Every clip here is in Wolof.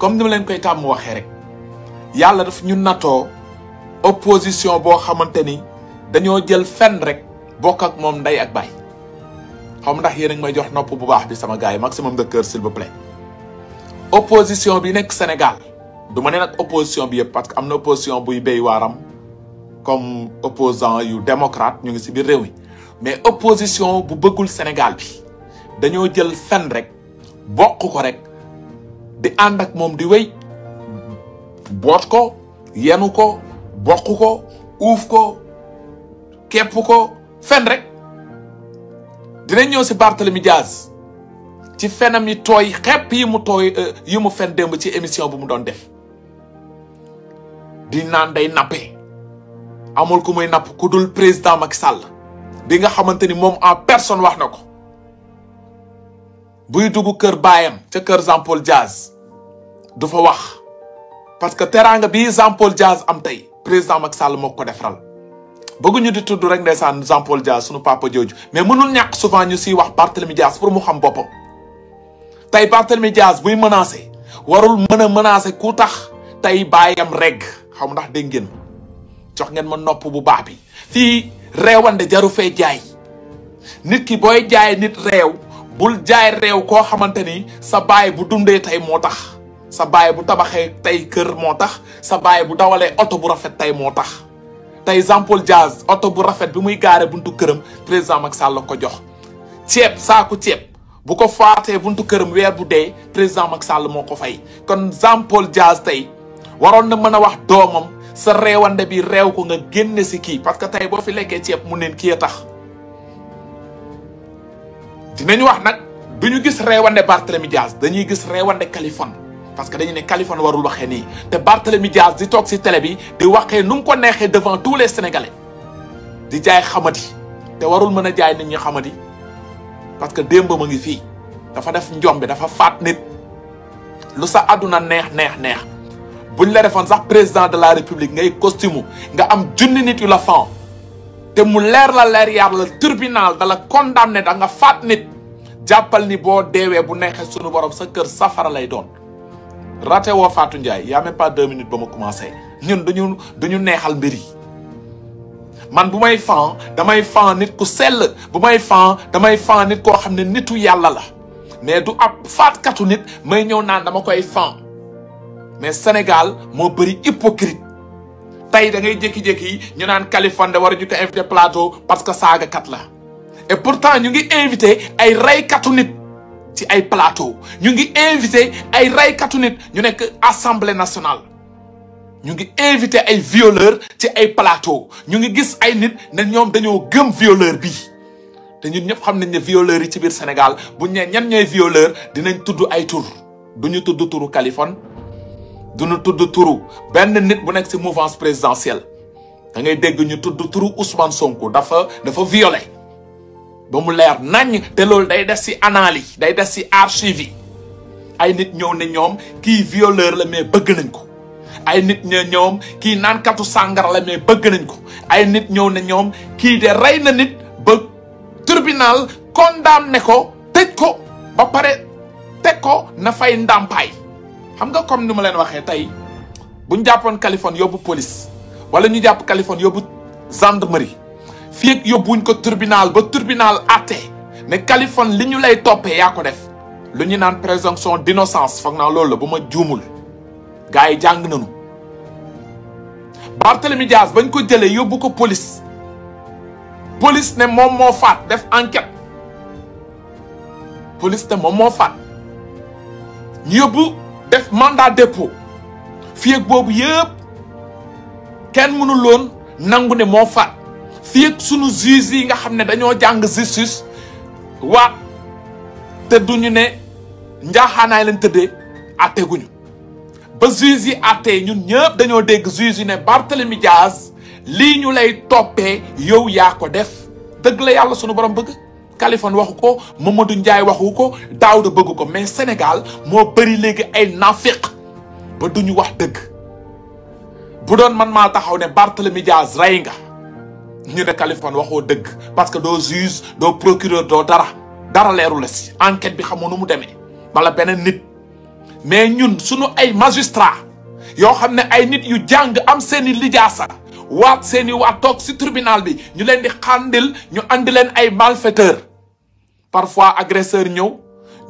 comme ni ma leen koy tàmm waxee rek yàlla daf ñu nattoo opposition boo xamante ni dañoo jël fenn rek bokk ak moom ndey ak baay xam ndax yéen a may jox nopp bu baax bi sama gars yi maximum de kër s'il vous plaît. opposition bi nekk Sénégal du ma ne nag opposition bi yëpp parce que am na opposition buy béy waaram comme opposant yu démocrate ñu ngi si biir réew mi mais opposition bu bëggul Sénégal bi dañoo jël fenn rek bokk ko rek. di ànd ak moom di wéy boot ko yenu ko bokk ko uuf ko képp ko fen rek dinañ ñëw si Barthélemy Diaz ci fenam yi tooy xepp yi mu tooy euh, yi mu fen démb ci émission bu mu doon def di naan day nappe amul ku muy napp ku dul président Macky Sall bi nga xamante ni moom en personne wax na ko buy dugg kër baayam ca kër Jean Paul Diaz du fa wax parce que teraanga bi Jean Paul Diaz am tey président Macky Sall moo ko defaral ñu di tudd rek ndeysaan Jean Paul Diaz sunu papa jooju mais mënul ñàkk souvent ñu siy wax Barthélemy Diaz pour mu xam boppam tey Barthélemy Diaz buy menacé warul mën a menacé ku tax tey baayam rek xaw ma ndax dégg ngeen jox ngeen ma nopp bu baax bi fii reewande jaru fee jaay nit ki booy jaay nit reew bul jaay réew koo xamante ni sa baay bu dundee tey moo tax sa baay bu tabaxee tey kër moo tax sa baay bu dawalee oto bu rafet tey moo tax tey Jean Paul Diaz oto bu rafet bi muy gaare buntu këram président Macky Sall ko jox ceeb saaku ceeb bu ko faatee buntu këram weer bu dee président mak Sall moo ko fay kon Jean Paul Diaz tey waroon na mën a wax doomam sa réewande bi réew ko nga génne si kii parce que tey boo fi lekkee ceeb mu neen kii a tax dinañ wax nag bi ñu gis reewande Barthélemy Diaz dañuy gis reewande Kaliphone parce que dañu ne Kaliphone warul waxee nii te Barthélemy Diaz di toog si tele bi di waxee nu mu ko neexee devant tous les Sénégalais di jaay xamadi te warul mën a jaay nit ñi xamadi parce que démb ma ngi fii dafa def njombe dafa faat nit lu sa àdduna neex neex neex buñ la defoon sax président de la république ngay costume nga am junni nit yu la fan te mu leer la leer yàlla tribunal dala condamné da nga faat nit jàppal ni boo deewee bu neexee sunu borom sa kër safara lay doon raté woo faatu Ndiaye y a même pas deux minutes ba ma commencé ñun dañu duñu neexal mbir yi man bu may fan damay fan nit ku sell bu may fan damay fan nit koo xam ne nitu yàlla la mais du ab faatkatu nit may ñëw naan dama koy fan mais Sénégal moo bëri hypocrite tey da ngay jékki ñu naan Kaliphone da war ñu ko invité plateau parce que saaga kat la et pourtant ñu ngi invité ay raykatu nit ci ay plateau ñu ngi invité ay raykatu nit ñu nekk assemblée nationale ñu ngi invité ay violeur ci ay plateau ñu ngi gis ay nit ne ñoom dañoo gëm violeur bi te ñun ñëpp xam nañ ne violeurs yi ci biir Sénégal bu buñ ñee ñan ñooy violeur dinañ tudd ay tur duñu tudd turu Kaliphone du ñu tudd turu benn nit bu nekk ci mouvance présidentielle da ngay dégg ñu tudd turu Ousmane sonk dafa dafa violé ba mu leer nañ te loolu day des ci analyse day des ci archive ay nit ñëw ne ñoom kii violeur la mais bëgg nañ ko ay nit ñe ñoom kii naankatu sàngara la mais bëgg nañ ko ay nit ñëw ne ñoom kii de rey na nit ba tribunal ne ko tëj ko ba pare teg ko na fay ndàmpaay xam nga comme ni ma leen waxee tey bu ñu jàppoon Kaliphone yóbbu police wala ñu jàpp Kaliphone yóbbu gendarmerie fii yóbbu yóbbuwuñ ko tribunal ba tribunal àtte ne Kaliphone li ñu lay toppee yaa ko def lu ñu naan présomption d'innocence foog naa loolu la bu ma juumul gars yi jàng nañu. Barthélemy Dias bañ ko jëlee yóbbu ko police police ne moom moo faat def enquête police ne moom moo faat ñu yóbbu. def mandat dépôt fii ak boobu yëpp kenn mënul woon nangu ne moo faat fii ak sunu juge yi nga xam ne dañoo jàng justice waat te duñu ne njaaxaanaay leen tëddee àtte guñu ba juge yi àttee ñun ñëpp dañoo dégg juge yi ne Barthélemy Diaz lii ñu lay toppee yow yaa ko def dëgg la yàlla sunu borom bëgg Kaliphone waxu ko Mamadou Ndiaye waxu ko Daouda bëggu ko mais Sénégal moo bëri léegi ay nafiq ba duñu wax dëgg bu doon man maa taxaw ne Barthélemy Diaz rey nga ñu ne Kaliphone waxoo dëgg parce que doo juge doo procureur doo dara dara leeru la si enquête bi xamoo nu mu demee wala beneen nit mais ñun suñu ay magistrat yoo xam ne ay nit yu jàng am seeni i lijaasa waat seen i waat toog si tribunal bi ñu leen di xàndil ñu andi leen ay malfaiteur parfois agresseur ñëw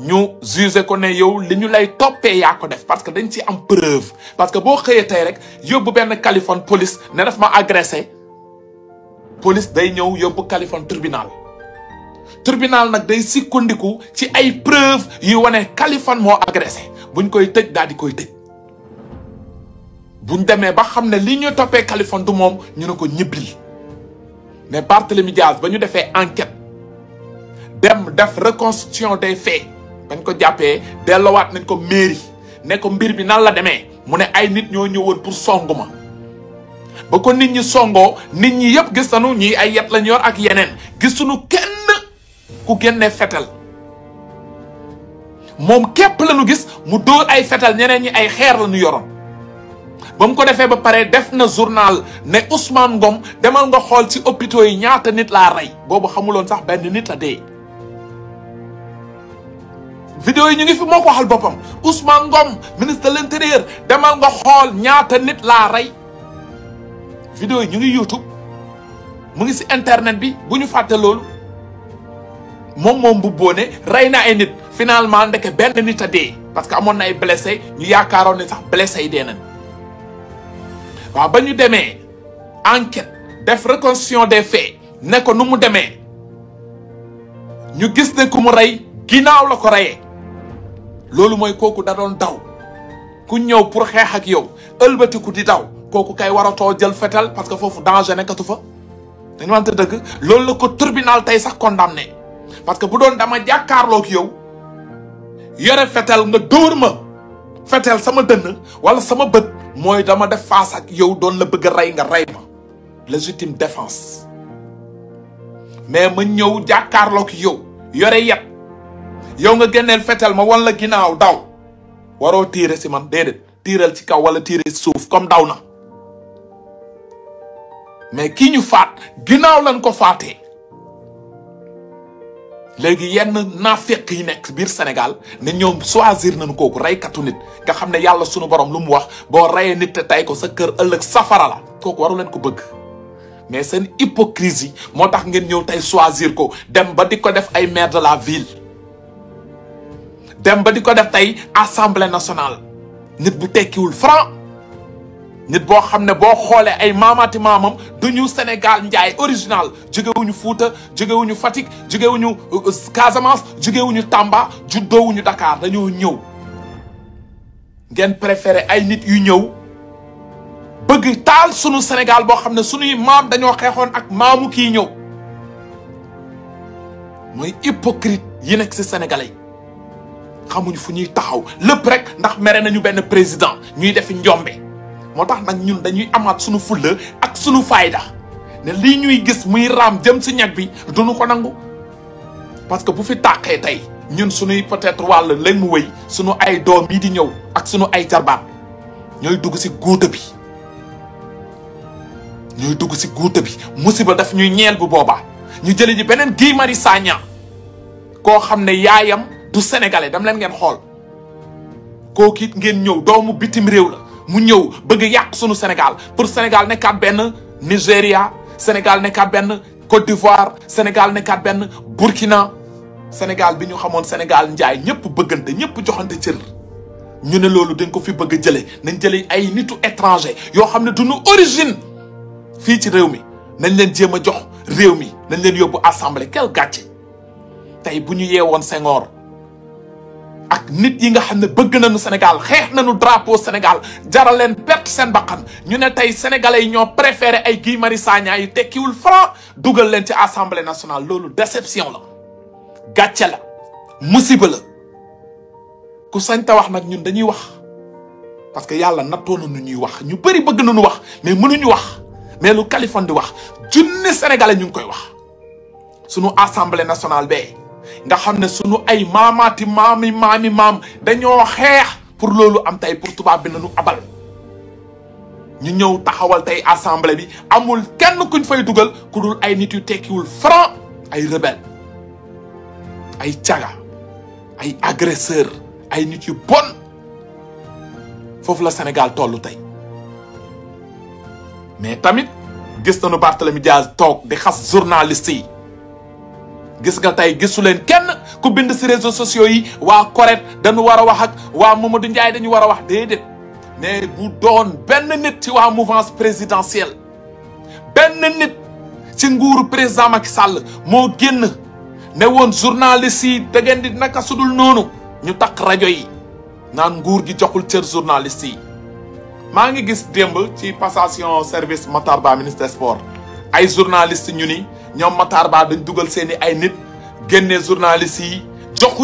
ñu jugé ko ne yow li ñu lay toppee yaa ko def parce que dañ ci am preuve parce que boo xëyee tey rek yóbbu benn Californie police ne daf ma agressé police day ñëw yóbbu Californie tribunal. tribunal nag day sikkandiku ci ay preuve yu wane Californie moo agressé buñ koy tëj daal di koy tëj buñ demee ba xam ne li ñu toppee Californie du moom ñu ne ko ñibbil mais Barthélemy Diaz ba ñu defee enquête. dem def reconstitution des faits bañ ko jàppee delloowaat nañ ko mairie ne ko mbir bi nan la demee mu ne ay nit ñoo ñëwoon pour songu ma ba ko nit ñi songoo nit ñi yëpp gis nañu ñii ay yet lañ yor ak yeneen gisuñu kenn ku génne fetal moom képp lañu gis mu dóor ay fetal ñeneen ñi ay xeer lañu yoroon ba mu ko defee ba pare def na journal ne Ousmane Ngom demal nga xool ci hôpitaux yi ñaata nit laa rey boobu xamuloon sax benn nit la dee vidéo yi ñu ngi fi moo ko boppam Ousmane Ngom ministre de l' intérieur demal nga xool ñaata nit laa rey vidéo yi ñu ngi YouTube mu ngi si internet bi bu ñu fàtte loolu moom moom bu boone rey na ay nit finalement ndeke benn nit a dee parce que amoon na ay blessé ñu yaakaaroon ne sax blessé yi dee nañ waaw ba ñu demee enquête def reconstitution des faits ne nu mu demee ñu gis ne ku mu rey ginnaaw la ko reyee loolu mooy kooku da doon daw ku ñëw pour xeex ak yow ëlbatiku di daw kooku kay waratoo jël fetal parce que foofu danger katu fa dañu wante dëgg loolu la ko tribunal tey sax ne parce que bu doon dama jàkkaarloog yow yore fetal nga dóor ma fetal sama dënn wala sama bët mooy dama def face ak yow doon la bëgg a rey nga rey ma légitime défense mais ma ñëw jàkkaarloog yow yore yet yow nga génneel fetel ma wan la ginnaaw daw waroo tiire si man déedéet tiiral ci kaw wala tiire si suuf comme daw na mais kii ñu faat ginnaaw lañ ko faatee léegi yenn naafeq yi nekk biir Sénégal ne ñoom choisir nañu kooku reykatu nit nga xam ne yàlla sunu borom lu mu wax boo reyee nit te tey ko sa kër ëllëg safara la kooku waru leen ko bëgg mais seen hypocrisie moo tax ngeen ñëw tey choisir ko dem ba di ko def ay maire de la ville dem ba di ko def tey assemblée nationale nit bu tekkiwul franc nit boo xam ne boo xoolee ay maamaati maamam du ñu Sénégal njaay original jógewuñu Fuuta jógewuñu Fatick jógewuñu euh, Casamance jógewuñu Tamba juddoowuñu dakaar dañoo ñëw ngeen préféré ay nit yu ñëw bëgg taal sunu Sénégal boo xam ne sunuy maam dañoo xeexoon ak maamu kii ñëw mooy hypocrite yi nekk ci sénégalais xamuñ fu ñuy taxaw lépp rek ndax mere nañu benn président ñuy def njombe moo tax nag ñun dañuy amaat suñu fulla ak suñu fayda ne lii ñuy gis muy raam jëm si ñag bi duñu ko nangu parce que bu fi tàqee tey ñun suñuy peut-être wàll lañ mu wëy suñu ay doom yi di ñëw ak suñu ay jarbaat ñooy dugg si góota bi ñooy dugg si góota bi musiba daf ñuy ñeel bu boobaa ñu jële ji beneen Guy Marius Sagna koo xam ne yaayam du sénégalais dam leen ngeen xool kooku it ngeen ñëw doomu bitim réew na mu ñëw bëgg yàq sunu Sénégal pour Sénégal nekkaat benn Nigéria Sénégal nekkaat benn Côte d'Ivoire Sénégal nekkaat benn Burkina Sénégal bi ñu xamoon Sénégal njaay ñëpp bëggante ñëpp joxante cër ñu ne loolu dañ ko fi bëgg a jëlee nañ jëlee ay nitu étranger yoo xam ne du duñu origine fii ci réew mi nañ leen jéem a jox réew mi nañ leen yóbbu assemblée quel gàcce tey bu ñu yeewoon Senghor ak nit yi nga xam ne bëgg nañu Sénégal xeex nañu drapeau Sénégal jaral leen perte seen bakkan ñu ne tey sénégalais yi ñoo préféré ay Guy Marius Sagna yu tekkiwul franc dugal leen ci assemblée nationale loolu déception la gàcce la musiba la ku sañ wax nag ñun dañuy wax parce que yàlla nattoo na nu ñuy wax ñu bëri bëgg nañu wax mais mënuñu wax mais lu Kaliphone di wax junni sénégalais ñu ngi koy wax sunu assemblée nationale bee. nga xam ne sunu ay maamaati maami maami maam dañoo xeex pour loolu am tey pour tubaab bi nañu abal ñu ñëw taxawal tey assemblée bi amul kenn kuñ fay dugal ku dul ay nit yu tekkiwul franc ay rebelle ay caga ay agresseur ay nit yu bon foofu la Sénégal tollu tey mais tamit gis nañu Barthélemy Diaz toog di xas journaliste yi gis nga tey gisu leen kenn ku bind si réseaux sociaux yi waa Corrède dañu war a wax ak waa Mamadou Ndiaye dañu war a wax déedéet mais bu doon benn nit ci waa mouvance présidentielle benn nit ci nguuru président Macky Sall moo génn ne woon journaliste yi da ngeen di naka sudul noonu ñu takk rajo yi naan nguur gi joxul cër journaliste yi maa ngi gis démb ci passation service Matar Ba ministre sport ay journaliste ñu ni ñoom Matar Ba dañ dugal seen i ay nit génne journaliste yi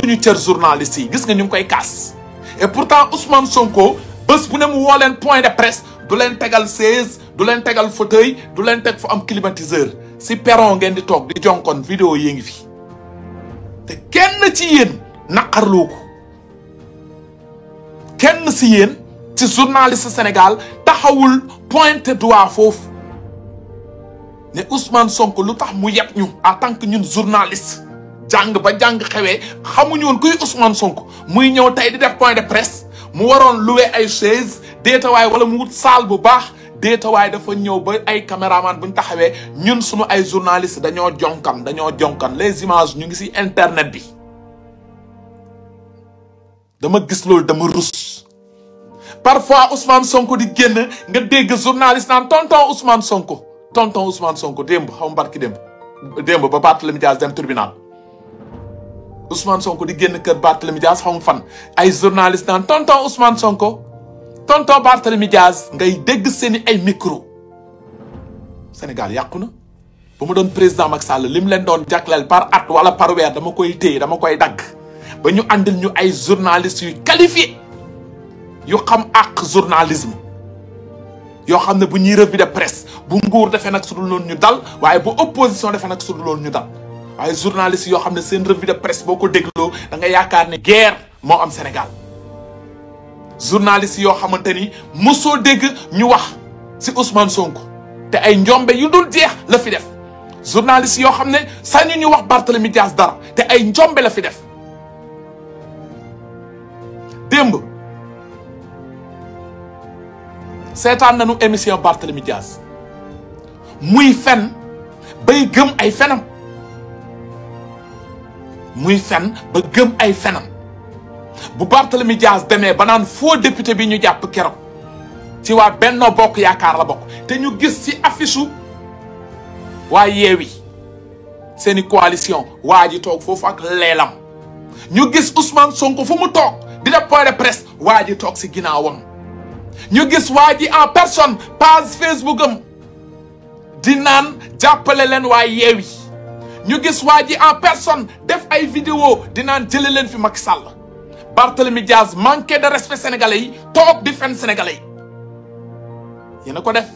ñu cër journaliste yi gis nga ñu ngi koy kaas et pourtant Ousmane Sonko bés bu ne mu woo leen point de presse du leen tegal chaise du leen tegal fauteuil du leen teg fu am climatiseur si peron ngeen di toog di jonkon video yi ngi fi te kenn ci yéen naqarloo ko kenn si yéen ci journaliste Sénégal taxawul pointe doigt foofu ne Ousmane sonk lu tax mu yeb ñu en tant que ñun journaliste jàng ba jàng xewee xamuñu woon kuy Ousmane sonk muy ñëw tey di def point de presse mu waroon louer ay chaise déetawaay wala mu wut salle bu baax déetawaay dafa ñëw ba ay caméraman bu ñu taxawee ñun suma ay journaliste dañoo jonkan dañoo jonkan les images ñu ngi ci internet bi dama gis loolu dama rus parfois Ousmane sonk di génn nga dégg journaliste naan tonton Ousmane Sonko tonton Ousmane Sonko démb xaw ma barki démb démb ba Barthélémy Dias dem tribunal Ousmane Sonko di génn kër Barthélémy Dias xaw ma fan ay journaliste naan tonton Ousmane Sonko tonton Barthélémy Dias ngay dégg seeni ay micro Sénégal yàqu na ba mu doon président Macky Sall li mu leen doon jagleel par at wala par weer dama koy téye dama koy dagg ba ñu àndil ñu ay journalistes yu qualifié yu xam ak journalisme yoo xam ne bu ñuy revue de presse bu nguur defee nag sudul loolu ñu dal waaye bu opposition defee nag sudul loolu ñu dal waaye journaliste yoo xam ne seen revue de presse boo ko dégloo da nga yaakaar ne guerre moo am Sénégal journaliste yoo xamante ni mosoo dégg ñu wax si Ousmane Sonko te ay njombe yu dul jeex la fi def journaliste yoo xam ne sañu ñu wax Barthélemy Dias dara te ay njombe la fi def démb seetaan nañu émission Barthélemy Diaz muy fen bay gëm ay fenam muy fen gëm ay fenam bu Barthélemy Diaz demee ba naan foo député bi ñu jàpp keroog ci waa Benno Bokk Yaakaar la bokk te ñu gis si affiche u waa Yewwi seeni coalition waa ji toog foofu ak leelam ñu gis Ousmane Sonko fu mu toog di def point de presse waa ji toog si ginnaawam ñu gis waa ji en personne page Facebook am di naan jàppale leen waa yeewi ñu gis waa ji en personne def ay vidéo di naan jële leen fi Macky Sall Barthélemy Diaz manqué de respect sénégalais yi toog di fen sénégalais yi yéena ko def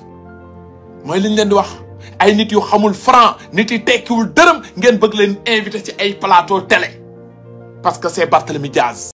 mooy liñ leen di wax ay nit yu xamul franc nit yi tekkiwul dërëm ngeen bëgg leen invité ci ay plateau télé parce que c'est Barthélemy Diaz